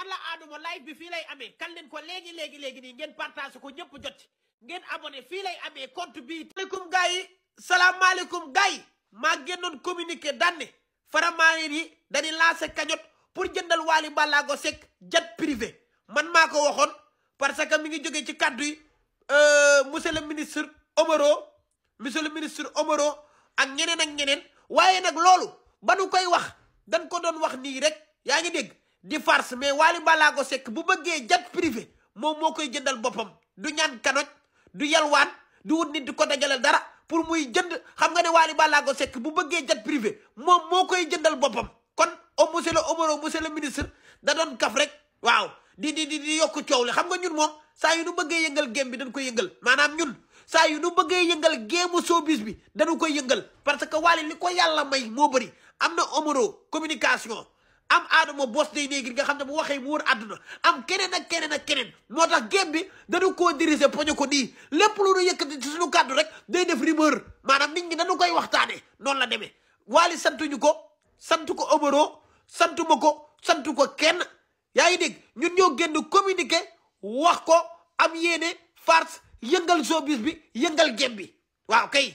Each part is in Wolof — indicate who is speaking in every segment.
Speaker 1: alla aaduma live bi fii lay amee kan leen ko léegi léegi nii ngeen partage ko ñëpp jot ngeen abonné fii lay amee compte bi aleykum gars yi salaamaaleykum gars yi maa génnoon communiqué daan ne faramaare yi dañuy lancé cagnotte pour jëndal Wally Ballago Seck jet privé man maa ko waxoon parce que mi ngi jógee ci kàddu yi euh, monsieur le ministre Omaro monsieur le ministre Omaro ak ñeneen ak ñeneen waaye nag loolu ba nu koy wax dan ko doon wax nii rek yaa ngi dégg di farce mais Wally Ballago sekk bu bëggee jet privé moom moo koy jëndal boppam du ñaan kanoj du yalwaan du wut nit di ko dajaleel dara pour muy jënd xam nga ne Wally Ballago Seck bu bëggee jet privé moom moo koy jëndal boppam kon au oh, monsieur omoro oh, monsieur le ministre da doon kaf rek waaw di di di yokk coow li xam nga ñun moom saa yu nu bëggee yëngal géem bi dañ koy yëngal maanaam ñun saa yu nu bëggee yëngal géemu showbiz bi dañu koy yëngal parce que Wally li ko yàlla may moo bëri am na omoro communication am aadama bos day néegi nga xam ne bu waxee mu wër àdduna am keneen ak keneen ak keneen moo tax gém bi dañu koo diriger poño ko di lépp lu nu yëkkati ci suñu kàddu rek day def rumeur maanaam nit ñi dañu koy waxtaanee noonu la demee waali santuñu ko santu ko Omaro santu ma ko santu ko kenn yaa ngi dégg ñun ñoo génn communiqué wax ko am yéene farce yëngal showbiz bi yëngal gém bi waaw kay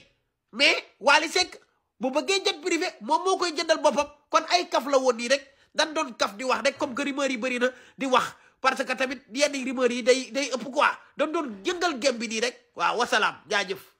Speaker 1: mais Wally Seck bu bëggee jet privé moom moo koy jëndal boppam kon ay kaf la nii rek dan doon kaf di wax rek comme que rumeur yi bëri na di wax parce que tamit yenn rumeur yi day day ëpp quoi dan doon yëngal gem bi nii rek waaw wasalaam jaajëf